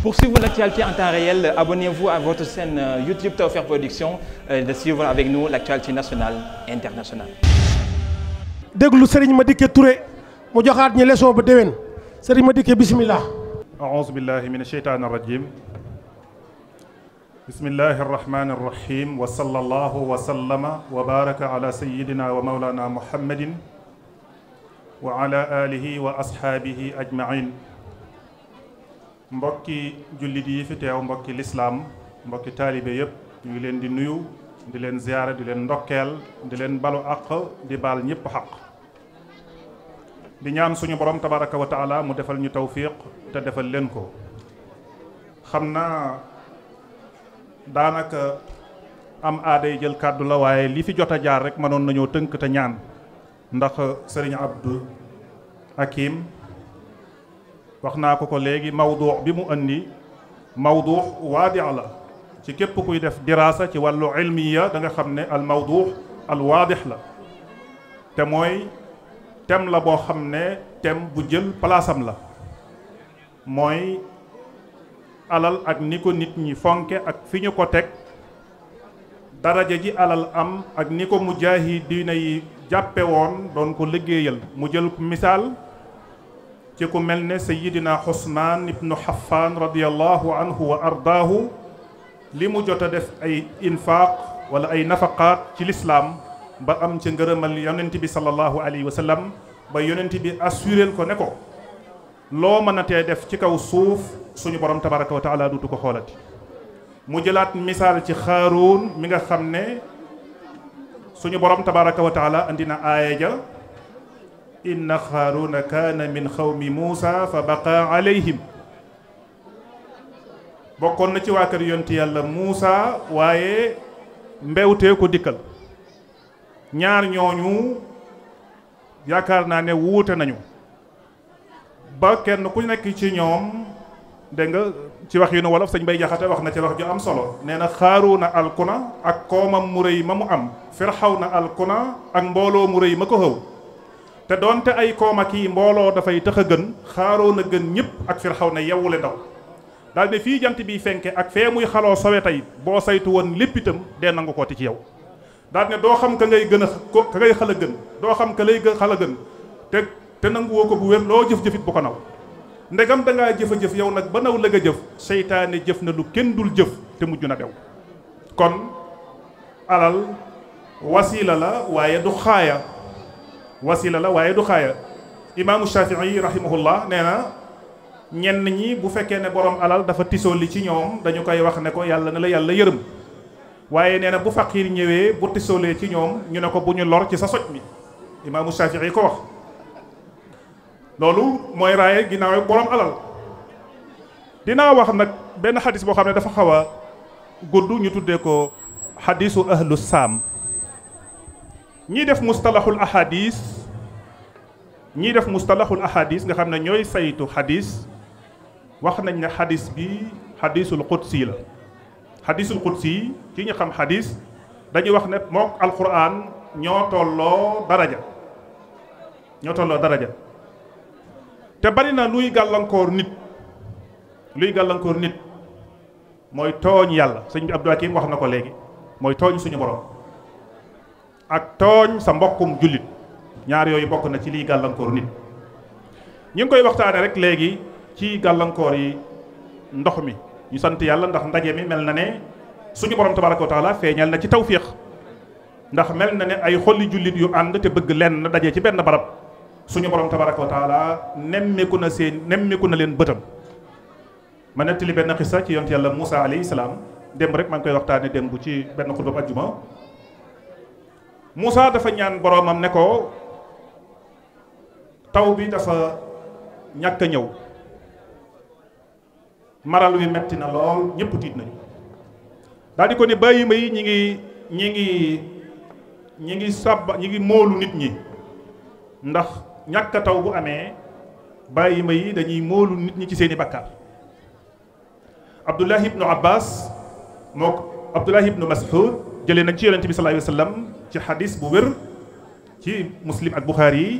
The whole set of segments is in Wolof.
Pour suivre l'actualité en temps réel, abonnez-vous à votre chaîne euh, YouTube Tawfekh Production euh, de suivre avec nous l'actualité nationale internationale. déglu Serigne Madické Touré mu joxaat ñi leçon ba déwén Serigne Madické bismillah. aouzu billahi mina shaytaani rajim. bismillahi rahmani rahim wa sallallahu wa sallama wa baraka ala sayyidina wa mawlana muhammadin wa ala alihi wa ashabihi ajma'in mbokki jullit yi fi teew mbokki lislaam mbokki taalibe yëpp ñu ngi leen di nuyu di leen ziyaara di leen ndokkeel di leen balu àq di baal ñëpp xaq di ñaan suñu borom tabaraka wa mu defal ñu tawfiq te defal leen ko xam naa daanaka am aaday jël kàddu la waaye li fi jot a jaar rek mënoon nañoo tënk te ñaan ndax sëriñ Abdou Hakim wax naa ko ko léegi mawduu bi mu andi mawduu waadi la ci képp kuy def diraasa ci wàllu ilmiya da nga xam ne al mawduu al waadix la te mooy tem la boo xam ne thème bu jël palaasam la mooy alal ak ni ko nit ñi fonke ak fi ñu ko teg daraja ji alal am ak ni ko mu mujaahidiina yi jàppe woon doon ko liggéeyal mu jël misaal ci mel ne sayidina xusmaan ibnu xafaan radiallahu ardaahu li mu jot a def ay infaaq wala ay nafaqaat ci lislaam ba am ca ngërëmal yonent bi sallallahu alayhi wa sallam ba yonent bi assuréel ko ne ko loo mën a tee def ci kaw suuf suñu borom tabaraka wa taala duutu ko xoolati mu jëlaat misaal ci xaaruun mi nga xam ne suñu borom tabaraka wa taala andi na ja inna xaaruuna kaana min xawmi muusa fa baqa alayhim bokkoon na ci waa kër yonti yàlla muusa waaye mbewtee ko dikkal ñaar ñooñu yaakaar naa ne wuute nañu ba kenn ku nekk ci ñoom dégg nga ci wax yu nu wolof sëñ bay jaxate wax na ci wax ju am solo nee na xaaruuna alkuna ak koomam mu rëy ma mu am xaw na alkuna ak mbooloo mu rëy ma ko xëw te doonte ay kooma kii mbooloo dafay tax a gën xaaroo na gën ñëpp ak firxaw ne yewwule ndaw daal ne fii jant biy fenke ak fee muy xaloo sowe tey boo saytu woon lépp itam dee nangu kooti ci yow daal ne doo xam ka ngay gën a ko ka ngay xal a gën doo xam ka lay xal a gën te te nanguwoo ko bu wér loo jëf-jëfit bu ko naw ndegam da ngaa jëf a jëf yow nag ba naw la nga jëf seytaane jëf na lu kenn dul jëf te mujj na dew kon alal wasiila la waaye du xaaya wasila la waaye du xaaya imaamu shafii yi rahimahullah nee na ñenn ñi bu fekkee ne boroom alal dafa tisoo li ci ñoom dañu koy wax ne ko yàlla na la yàlla yërëm waaye nee na bu faqiir ñëwee bu tisoolee ci ñoom ñu ne ko bu ñu lor ci sa soj mi imaamu shafii yi ko wax loolu mooy raaye ginnaaw borom alal dinaa wax nag benn xadis boo xam ne dafa xaw a gudd ñu tuddee ko xadisu ahlu saam ñii def mustalaxul ahadis ñii def mustalahul ahadis nga xam ne ñooy saytu xadis wax nañ ne xadis bi xadisul qudsi la xadisul qudsi ki ñu xam xadis dañu wax ne mook alquran ñoo tolloo daraja ñoo tolloo daraja te bari na luy gàllankoor nit luy gàllankoor nit mooy tooñ yàlla sëñ bi Abdou Hakim wax na ko léegi mooy tooñ suñu borom ak tooñ sa mbokkum jullit ñaar yooyu bokk na ci liy gàllankoor nit ñu ngi koy waxtaane rek léegi ci gàllankoor yi ndox mi ñu sant yàlla ndax ndaje mi mel na ne suñu borom tabaraka wa feeñal na ci tawfiix ndax mel na ne ay xolli jullit yu ànd te bëgg lenn daje ci benn barab suñu borom tabaraka wa taala nemmeeku na seen nemmeeku na leen bëtam ma nettali benn xisa ci yonent yàlla Moussa alayhi salaam démb rek maa ngi koy waxtaane démb ci benn xutbab ajjuma Moussa dafa ñaan boroomam ne ko taw bi dafa ñàkk ñëw maral wi metti na lool ñëpp tiit nañu daal ko ne bàyyi ma yi ñi ngi ñi ngi ñi ngi sàbba ñi ngi moolu nit ñi ndax ñàkk taw bu amee bàyyi ma yi dañuy moolu nit ñi ci seeni bakkaar Abdullah ibnu Abbas moo ko Abdullah ibnu Mas'ud jëlee nañ ci yonente bi sallallahu alayhi ci xadis bu wér ci muslim ak buxaari yi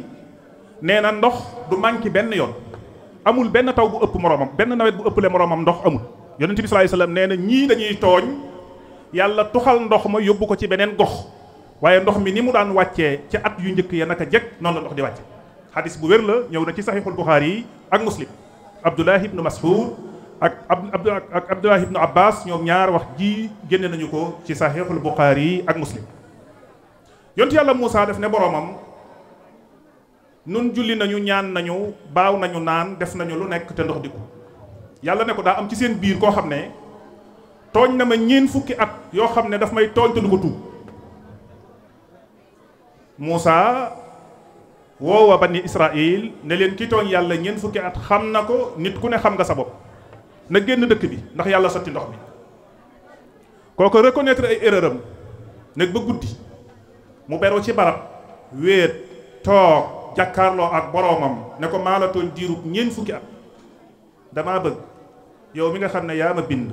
nee na ndox du manqué benn yoon amul benn taw bu ëpp moroomam benn nawet bu ëppale moroomam ndox amul yonent bi salaay salaam nee na ñii dañuy tooñ yàlla tuxal ndox ma yóbbu ko ci beneen gox waaye ndox mi ni mu daan wàccee ci at yu njëkk ya naka jekk noonu la ndox di wàcce xadis bu wér la ñëw na ci saxiixul buxaari yi ak muslim abdullah ibnu mas'ud ak ak abdullah ibnu abbas ñoom ñaar wax ji génne nañu ko ci saxiixul yi ak yontu yàlla Moussa def ne boroomam nun julli nañu ñaan nañu baaw nañu naan def nañu lu nekk te ndox dikku yàlla ne ko daa am ci seen biir koo xam ne tooñ na ma ñeen fukki at yoo xam ne daf may tooñ te du ko tuub Moussa woowa bani Israil ne leen ki tooñ yàlla ñeen fukki at xam na ko nit ku ne xam nga sa bopp na génn dëkk bi ndax yàlla sotti ndox bi kooku reconnaître ay erreur am ba guddi mu beru ci barab wéet toog jàkkaarloo ak boroomam ne ko maa la tooñ diirub ñeent fukki at damaa bëgg yow mi nga xam ne yaa ma bind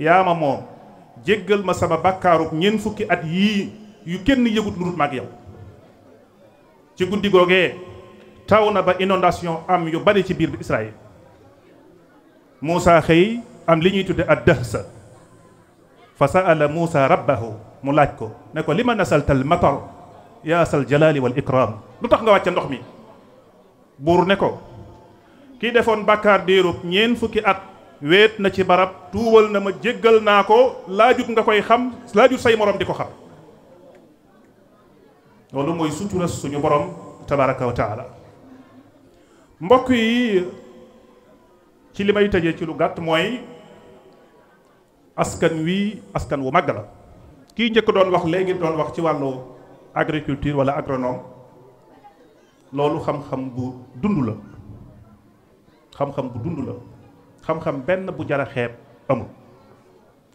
yaa ma moom jéggal ma sama bakkaaru ñeent fukki at yii yu kenn yëgut lu dul mag yow ci guddi googee taw na ba inondation am yu bari ci biir Israël Muusa xëy am li ñuy tudde ad dahsa fa saala Muusa rabbahu mu laaj ko ne ko li ma nasaltal matar yaa sal jalali wal ikram lu tax nga wàcce ndox mi buur ne ko kii defoon bàkkaar diirub ñeen fukki at weet na ci barab tuubal na ma jéggal naa ko laajut nga koy xam laajut say morom di ko xam loolu mooy sutura suñu borom tabaraka wa taala mbokk yi ci li may tëjee ci lu gàtt mooy askan wi askan wu màgg la kii njëkk doon wax léegi doon wax ci wàllu agriculture wala agronome loolu xam-xam bu dund la xam-xam bu dund la xam-xam benn bu jar a xeeb amul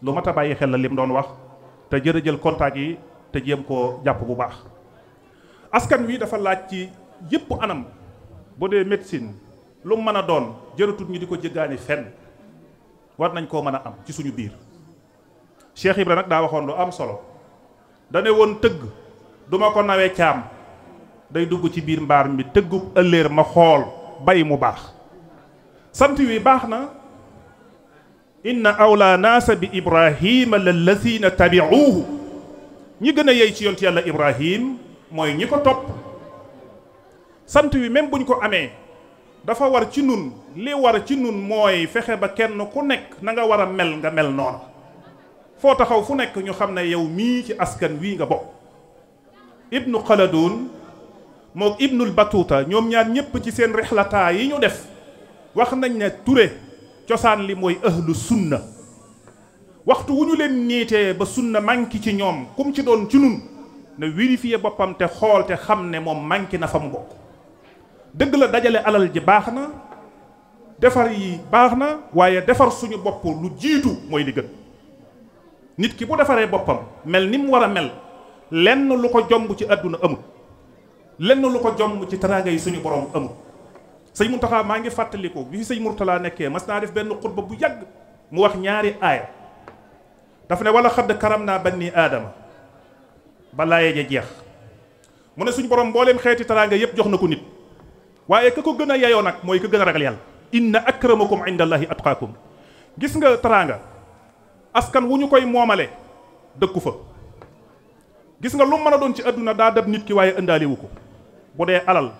lu mat xel la lim doon wax te jël contact yi te jéem koo jàpp bu baax askan wi dafa laaj ci yépp anam boo dee médecine lu mën a doon jërëtut ñi di ko jéggaani fenn war nañ koo mën a am ci suñu biir Cheikh Ibra nag daa waxoon lu am solo dane woon tëgg du ma ko nawee caam day dugg ci biir mbaar mi tëggu ëllëer ma xool bay mu baax sant wi baax na inna awla naasa bi ibrahima lallazina tabi'uuhu ñi gën a yey ci yontu yàlla ibrahim mooy ñi ko topp sant wi même buñ ko amee dafa war ci nun li war ci nun mooy fexe ba kenn ku nekk na nga war a mel nga mel noon foo taxaw fu nekk ñu xam ne yow mii ci askan wii nga bokk ibnu xaladuun moo ibnul batuuta ñoom ñaan ñépp ci seen rexlataa yi ñu def wax nañ ne ture cosaan li mooy ahlu sunna waxtu wu ñu leen niitee ba sunna manki ci ñoom kum ci doon ci nun na vérifier boppam te xool te xam ne moom manki na fa mu bokk dëgg la dajale alal ji baax na defar yi baax na waaye defar suñu bopp lu jiitu mooy li gën nit ki bu defaree boppam mel ni mu war a mel lenn lu ko jomb ci àdduna amul lenn lu ko jomb ci teraanga yi suñu borom amul sëñ Muntaxa maa ngi fàttaliku bi fi sëñ Murtala nekkee mas naa def benn xutba bu yàgg mu wax ñaari aaya dafa ne wala xadd karam naa banni aadama balaa yee ja jeex mu ne suñu borom mbooleem xeeti teraanga yëpp jox na ko nit waaye ka ko gën a yeyoo nag mooy ka gën a ragal yàlla inna akramakum indallahi atqaakum gis nga teraanga askan wu ñu koy moomale dëkku fa gis nga lu mën a doon ci àdduna daa dab nit ki waaye indaaliwu ko bu dee alal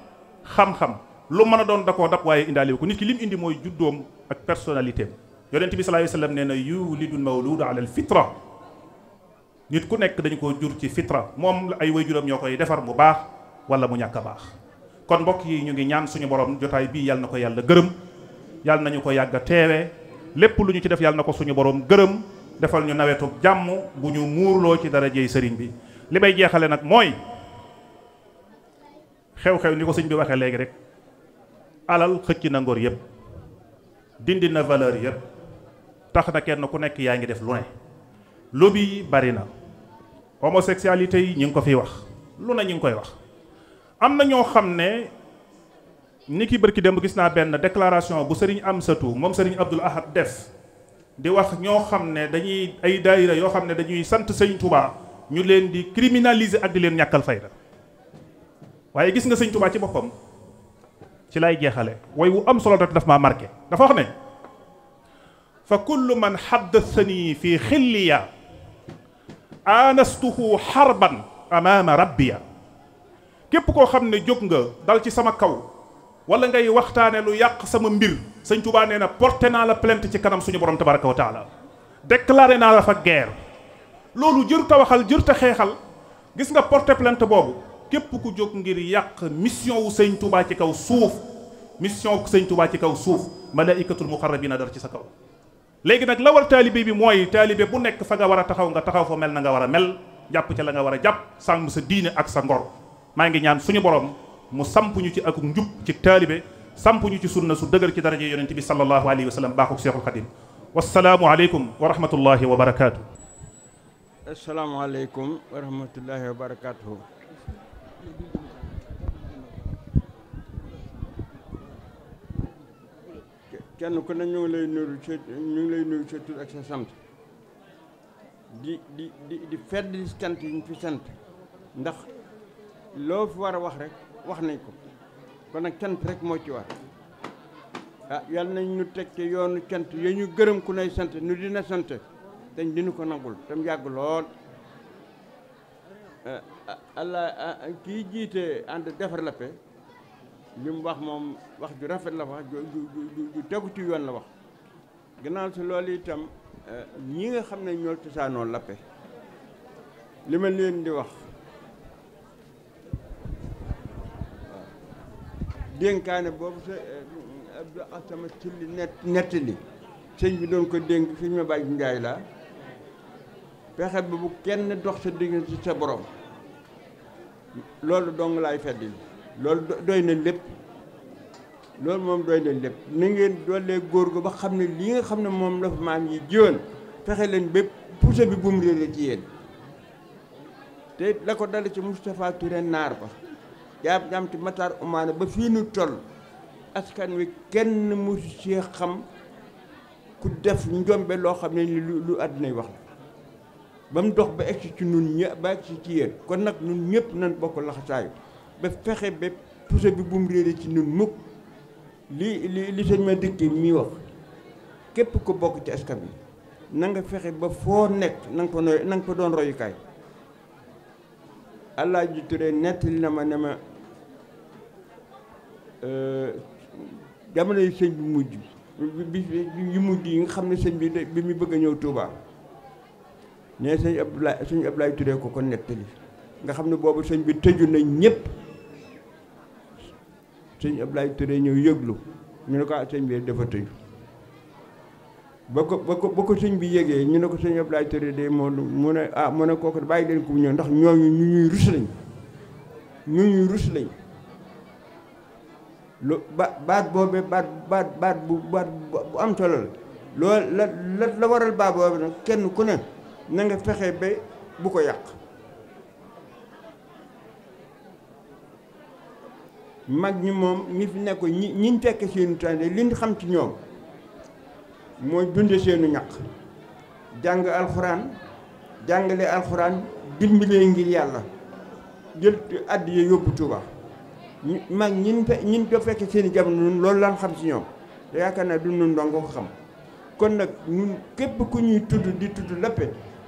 xam-xam lu mën a doon da koo dab waaye indaaliwu ko nit ki lim indi mooy juddoom ak personnalité am bi sallallahu alayhi wasallam nee na yuwlidul mawludu ala al fitra nit ku nekk dañu ko jur ci fitra moom la ay waajuram ñoo koy defar mu baax wala mu ñàkk a baax kon mbokk yi ñu ngi ñaan suñu borom jotaay bii yàlla na ko yàlla gërëm yàlla nañu ko yàgg a lépp lu ñu ci def yàlla na ko suñu borom gërëm defal ñu nawetu jàmm bu ñu muurloo ci dara jëy sëriñ bi li may jeexale nag mooy xew-xew ni ko sëñ bi waxee léegi rek alal xëcc na ngor yëpp dindi na valeur yëpp tax na kenn ku nekk yaa ngi def lu ne lobby yi bari na homosexualité yi ñu ngi ko fiy wax lu ne ñu ngi koy wax am na ñoo xam ne ni ki bërki démb gis naa benn déclaration bu sëriñ Amsatou moom sëriñ Abdoul Ahad def di wax ñoo xam ne dañuy ay daayira yoo xam ne dañuy sant sëñ tubaa ñu leen di criminaliser ak di leen ñàkkal fayda waaye gis nga sëñ tubaa ci boppam ci lay jeexale way wu am solo daf maa marke dafa wax ne fa kullu man xaddasani fi xilliya aanastuhu xarban amaama rabbiya képp koo xam ne jóg nga dal ci sama kaw wala ngay waxtaane lu yàq sama mbir sëñ Tuubaa nee na porté naa la plainte ci kanam suñu borom tabaraka wa taala déclaré naa la fa guerre loolu jër ta waxal jër ta xeexal gis nga porté plainte boobu képp ku jóg ngir yàq mission wu sëñ Tuubaa ci kaw suuf mission wu sëñ Tuubaa ci kaw suuf malaikatul muqarrabina dara ci sa kaw léegi nag la war taalibe bi mooy taalibe bu nekk fa nga war a taxaw nga taxaw fa mel na nga war a mel jàpp ca la nga war a jàpp sàmm sa diine ak sa ngor maa ngi ñaan suñu borom mu samp ñu ci ak njub ci taalibe samp ñu ci sunna su dëgër ci daraje yonent bi sallallahu alayhi wa sallam baaxuk Seexul Xadim wassalaamu aleykum wa rahmatullahi wa barakaatu. assalaamu aleykum wa rahmatullahi wa barakaatu. kenn ku ne ñu ngi lay nuyu sa ñu lay nuyu sa ak sa sant di di di fedd di sant yi ñu fi sant ndax loo fi war a wax rek. wax nañ ko kon nag cant rek moo ci war ah yal nañ ñu teg ci yoonu cant ya ñu gërëm ku nay sant nu dina sant dañ dinu ko nangul tam yàgg lool ah, ah, allah ah, kii jiite ànd defar la paix li mu wax moom wax ju rafet la wax ju tegu ci yoon la wax gannaaw si loolu itam ñi nga xam ne ñoo cosaanoo la li ma leen di wax dénkaane boobu sa eh, Abdou Asama ci li net nettali sëñ bi doon ko dénk fi ñu ma bàyyi njaay laa fexe ba bu kenn dox sa diggante sa borom loolu dong laay feddi loolu doy na lépp loolu moom doy na lépp ni ngeen doolee góor go ba xam ne lii nga xam ne moom la fa maam yi jiwoon fexe leen bépp pousse bi bu mu réere ci yéen te la ko dale ci Moustapha Touré naar ba jaam ti Matar Umaane ba fii nu toll askan wi kenn mosu see xam ku def njombe loo xam ne lu lu àddunay wax la ba mu dox ba egsi ci nun ñë ba egsi ci yéen kon nag nun ñëpp nañ bokk laxasaayu ba fexe ba pousse bi buum mu réere ci nun mukk li li li sëñ ma dëkk mi wax képp ko bokk ci askan wi na nga fexe ba foo nekk na nga ko na nga ko doon royukaay allah ji Touré nettali na ma ne ma euh, jamono yi sëñ bi mujj bi bi mujj yi nga xam ne sëñ bi bi mu bëgg a ñëw Touba ne sëñ Abdoulaye sëñ Abdoulaye Touré ko ko nettali nga xam ne boobu sëñ bi tëju na ñëpp sëñ Abdoulaye Touré ñëw yëglu ñu ne ko ah sëñ bi dafa tëju ba ko ba ko ba ko sëñ bi yégee ñu ne ko sëñ Abdoulaye Touré de moo mu ne ah mu ne kooku bàyyi leen ko bu ñëw ndax ñooñu ñu ñuy rus lañ ñu ñuy rus lañ lu ba baat boobee baat baat bu baat bu am solo la la la waral baat boobu kenn ku ne na nga fexe ba bu ko yàq mag ñi moom ñi fi nekk ñi ñiñ fekk seenu tànde li xam ci ñoom mooy dunde seenu ñaq jàng alxuraan jàngale alxuraan dimbalee ngir yàlla jël àdd ya yóbbu Tuuba mag ñin fe ñin ko fekk seeni jamono nun loolu lan xam si ñoom te yaakaar naa du nun ko xam kon nag ñun képp ku ñuy tudd di tudd lépp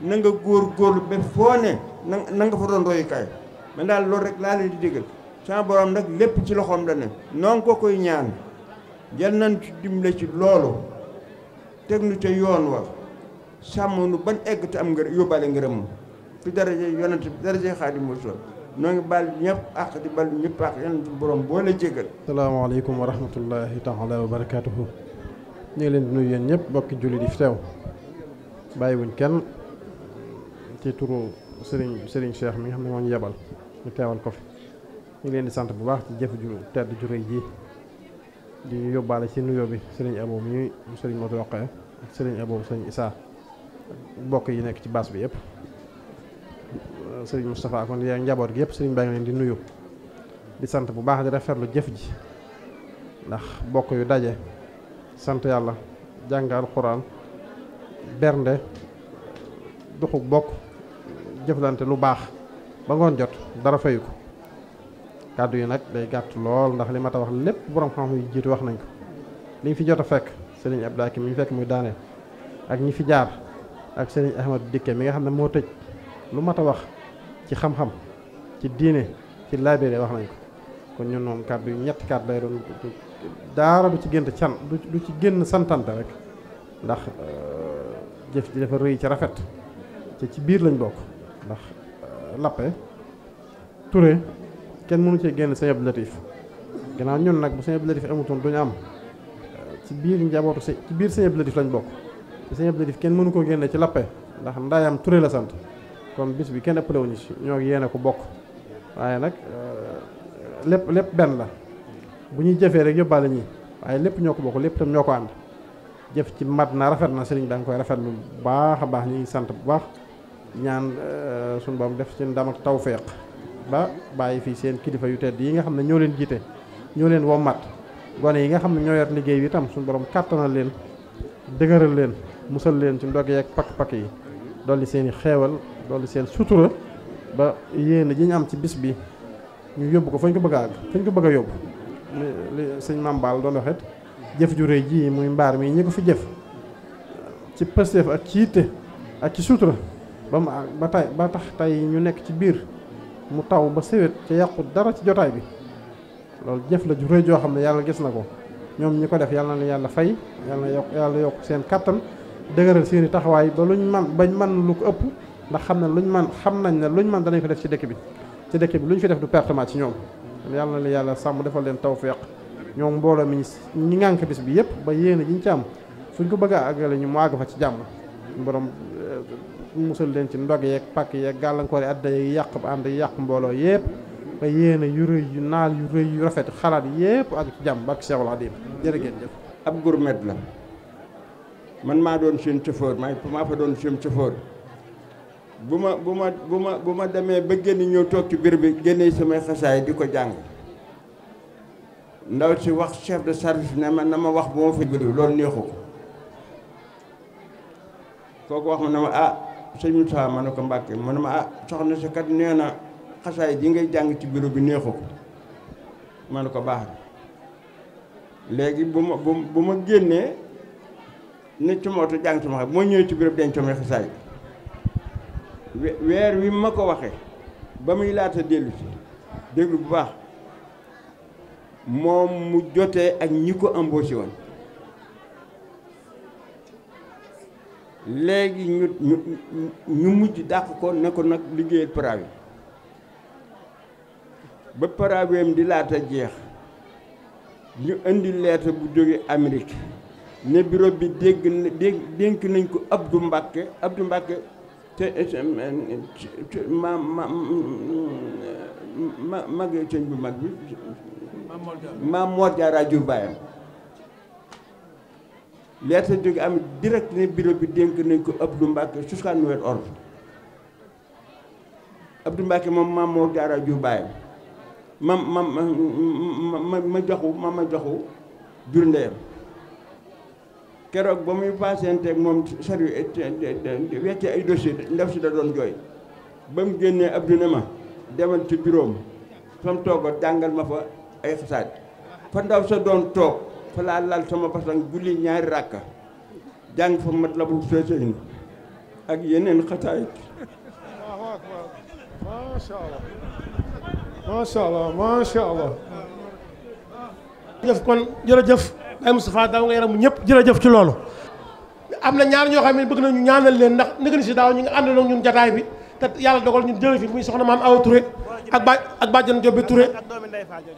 na góor góorlu ba foo ne na na nga fa doon royukaay man daal loolu rek laa leen di déggal sama borom nag lépp ci loxoom la ne noo ko koy ñaan jël nañ ci dimbale ci loolu teg nu ca yoon wa sàmm nu bañ egg te am nga yóbbaale ngërëm ci daraje yonent bi daraje Xaadimu Rasuul noo ngi baal ñëpp àq di baal ñëpp àq yonent borom boo la jégal salaamaaleykum wa rahmatullahi taala wa barakaatuhu ñu ngi leen di nuy yéen ñëpp bokki julli di fi teew bàyyiwuñ kenn ci turu sëriñ Serigne Cheikh mi nga xam ne moo ñu yebal ñu teewal ko fi ñu leen di sant bu baax ci jëf ju tedd ju rëy ji di yóbbaale ci nuyoo bi sëriñ Abo mi sëriñ Modou Rokhaya ak sëriñ Abo sëriñ Issa bokk yi nekk ci baas bi yëpp sëriñ Moustapha kon yaa njaboot gi yëpp sëriñ baa ngi leen di nuyu di sant bu baax di rafetlu jëf ji ndax bokk yu daje sant yàlla jàngal xuraan bernde duxu bokk jëflante lu baax ba ngoon jot dara fayu ko kàddu yi nag day gàtt lool ndax li ma a wax lépp borom xam-xam yu jiitu wax nañ ko liñ fi jot a fekk sëriñ ab Hakim mi ñu fekk muy daaneel ak ñi fi jaar ak sëriñ Ahmad Dikke mi nga xam ne moo tëj lu mat a wax ci xam-xam ci diine ci laabire wax nañ ko kon ñun moom kàddu yi ñetti kàddu lay doon daara du ci génn can du ci génn santante rek ndax euh, jëf ji dafa rëy ci rafet ci ci biir lañ bokk ndax euh, lappe Touré kenn mënu cee génn sëñ Abdou Latif gannaaw ñun nag bu sëñ Abdou Latif amutoon duñu am ci biir njabootu ci biir sëñ Abdou Latif lañ bokk te sëñ Abdou Latif kenn mënu koo génne ci lappe ndax ndaayam Touré la sant kon bis bi kenn ëppalewuñu ci ñoo yéene ko bokk waaye nag euh, lépp lépp benn la bu ñuy jëfee rek yóbbaale ñi waaye lépp ñoo ko bokk lépp tam ñoo ko ànd jëf ci mat na rafet na sëriñ danga koy rafet bu baax a baax ñu ngi sant bu baax ñaan euh, suñu boom def ci ndam ak tawféex ba bàyyi fii seen kilifa yu tedd yi nga xam ne ñoo leen jiite ñoo leen wommat gone yi nga xam ne ñoo yor liggéey bi itam suñu borom kàttanal leen dëgëral leen musal leen ci ndog yeeg pakk-pakk yi li seen i xeewal dolli seen sutura ba yéen ji ñu am ci bis bi ñu yóbbu ko fañ ko bëgg a àgg fañ ko bëgg a yóbbu li sëñ Mame Ball doon jëf ju rëy ji muy mbaar mi ñu ko fi jëf ci pësteef ak ci yitte ak ci sutura ba mu ba tay ba tax tey ñu nekk ci biir mu taw ba séwét ca yàqu dara ci jotaay bi loolu jëf la ju joo xam ne yàlla gis na ko ñoom ñi ko def yàlla na yàlla fay yàlla yokk yàlla yokk seen kattan dëgëral seen i taxawaay ba luñ man bañ man lu ko ëpp ndax xam ne luñ man xam nañ ne luñ man danañ ko def ci dëkk bi ci dëkk bi lu ñu fi def du pertement ci ñoom yàlla na leen yàlla sàmm defal leen tawfeex ñoom mbooloo mi ñu ñànk bis bi yëpp ba yéene ji ñu ci am suñ ko bëgg a ñu mu àgg fa ci jàmm borom musal leen ci ndog yeeg pakk yeeg gàllankoor yi adda yeeg yàq ba ànd yàq mbooloo yëpp ba yéene yu rëy yu naal yu rëy yu rafet xalaat yëpp ak ci jàmm ak Cheikhul Khadim jërë ngeen jëf ab gourmet la man maa doon seen chauffeur maa maa fa doon seen chauffeur bu ma bu ma bu ma demee ba génn ñëw toog ci biir yi génnee samay xasaay di ko jàng ndaw si wax chef de service ne ma na ma wax bu ma fa jëlee loolu neexu ko kooku wax ma ne ma ah sëñ Moussa ma ne ko Mbàkke mu ne ma ah soxna si kat nee na xasaay ji ngay jàng ci bureau bi neexu ko ma ne ko baax léegi bu ma bu ma génnee ne ci moto jàng sama xel bu ma ñëwee ci bureau bi dañ coomee xasaay bi weer wi ma ko waxee ba muy laata dellu déglu bu baax moom mu jotee ak ñi ko embauché woon léegi ñu ñu mujj dàq ko ne ko nag liggéeyal parawi ba paraweem di laata jeex ñu indi lettre bu jóge Amérique ne bureau bi dégg dénk nañ ko Abdou Mbacké Abdou Mbacké te ma ma ma Maam Mor jur baayam lettre jóge am direct ne bureau bi dénk nañ ko Abdou Mbacke jusqu'à nouvel ordre Abdou Mbacke moom maam moo jaara ju bàyyam mam mam ma ma joxu ma ma joxu jur ndeyam keroog ba muy patienteeg moom sari eh, weccee ay dossier ndef si da doon jooy ba mu génnee Abdou ne ma demal ci bureau am fa mu jàngal ma fa ay xasaat fa ndaw sa doon toog fa laa lal sama basang julli ñaari ràkka jàng fa Matlabul Fawzayni ak yeneen xasaayit macha allah macha allah macha allah jëf kon jërëjëf Baye Moustapha daaw nga yaramu ñëpp jërëjëf ci loolu am na ñaar ñoo xam ne bëgg nañu ñaanal leen ndax nëgën si daaw ñu ngi àndandoo ñun jataay bi te yàlla dogal ñun jële fi muy soxna maam Awa Touré ak ba ak bàjjan Jobbe Touré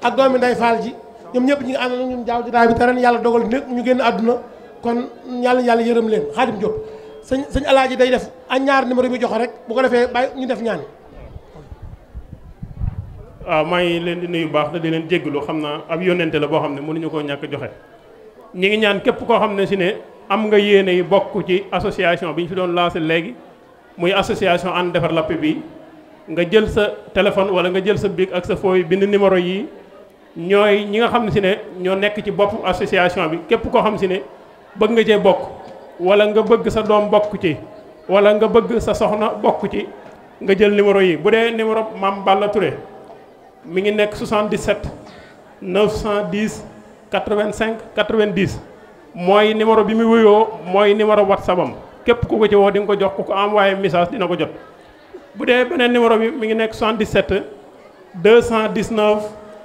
ak doomi Ndey Fall ji ñoom ñëpp ñu nga ànd na ñun jaaw jotaay bi te ren yàlla dogal ne ñu génn àdduna kon yàlla yàlla yërëm leen xaadim Diop sëñ sëñ alaaji day def a ñaar numéro bi joxe rek bu ko defee bàyyi ñu def ñaan waaw ah, maa ngi leen di nuyu baax da di leen jégglu xam naa ab yónnente la boo xam ne mënuñu koo ñàkk joxe ñi ngi ñaan képp koo xam ne si ne am nga yéene yi bokk ci association bi ñu fi doon lancé léegi muy association ànd defar lapp bi nga jël sa téléphone wala nga jël sa bic ak sa fooy bind numéro yi ñooy ñi nga xam si ne ñoo nekk ci bopp association bi képp koo xam si ne bëgg nga cee bokk wala nga bëgg sa doom bokk ci wala nga bëgg sa soxna bokk ci nga jël numéro yi bu dee numéro Mame Balla Touré mi ngi nekk 77 910 85 90 mooy numéro bi mu wuyoo mooy numéro WhatsApp am képp ku ko ci woo di nga ko jox ku ko envoyé message dina ko jot bu dee beneen numéro bi mi ngi nekk 77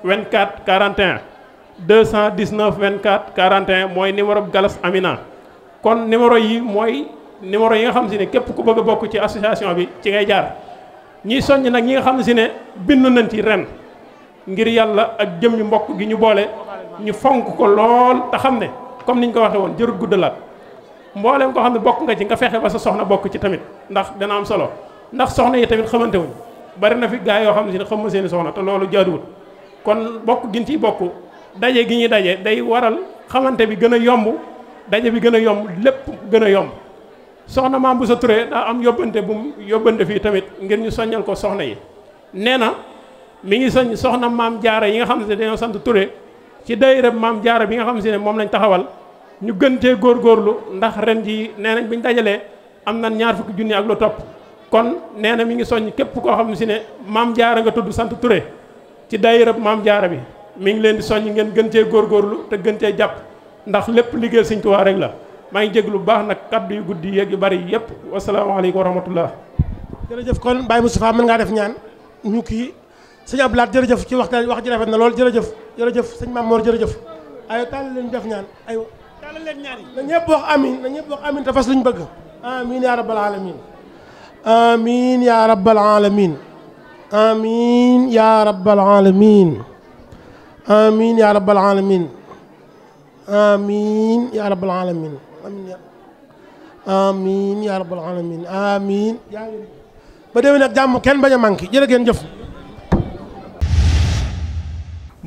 24 41 219 24 41 mooy numéro Galas Amina kon numéro yi mooy numéro yi nga xam si ne képp ku bëgg a bokk ci association bi ci ngay jaar ñiy soññ nag ñi nga xam si ne bindu nañ ci ren ngir yàlla ak jëm ñu mbokk gi ñu boole ñu fonk ko lool te xam ne comme niñ ko waxee woon jërut guddalaat mbooleem koo xam ne bokk nga ci nga fexe ba sa soxna bokk ci tamit ndax dana am solo ndax soxna yi tamit xamante wuñ bari na fi gaa yoo xam ne si ne xam ma seeni soxna te loolu jaaduwut kon bokk gin ciy bokk daje gi ñuy daje day waral xamante bi gën a yomb daje bi gën a yomb lépp gën a yomb soxna Mame Bousso Touré daa am yóbbante bu mu yóbbante fii tamit ngir ñu soññal ko soxna yi nee na mi ngi soñ soxna maam jaara yi nga xam ne dañoo sant Touré ci daayira maam jaara bi nga xam ne moom lañ taxawal ñu gën cee góorlu ndax ren jii nee nañ biñ ñu dajalee am na ñaar fukki junni ak lu topp kon nee na mi ngi soññ képp koo xam si ne maam jaara nga tudd sant Touré ci daayirab maam jaara bi mi ngi leen di soññ ngeen gën cee góor góorlu te gën cee jàpp ndax lépp liggéey Sëñ Tuubaa rek la maa ngi jéglu bu baax nag kàddu yu guddi yéeg yu bari yëpp wasalaamaaleykum wa rahmatullah jërëjëf kon Baye Moustapha mën ngaa def ñaan ñu kii sëñ Abdou Lahad jërëjëf ci wax wax ji na lool jërëjëf jërëjëf sëñ Mame Mor jërëjëf ayo tàll leen def ñaan ayo tàll leen ñaan na ñëpp wax amin na ñëpp wax amin te fas luñ bëgg amin ya rabbal alamin amin ya rabbal alamin amiin yaa rabbal aalamiin amiin yaa rabbal aalamiin amiin yaa rabbal aalamiin amiin yaa rabbal aalamiin amiin ba déwén nag jàmm kenn bañ a manqué jërë ngeen jëf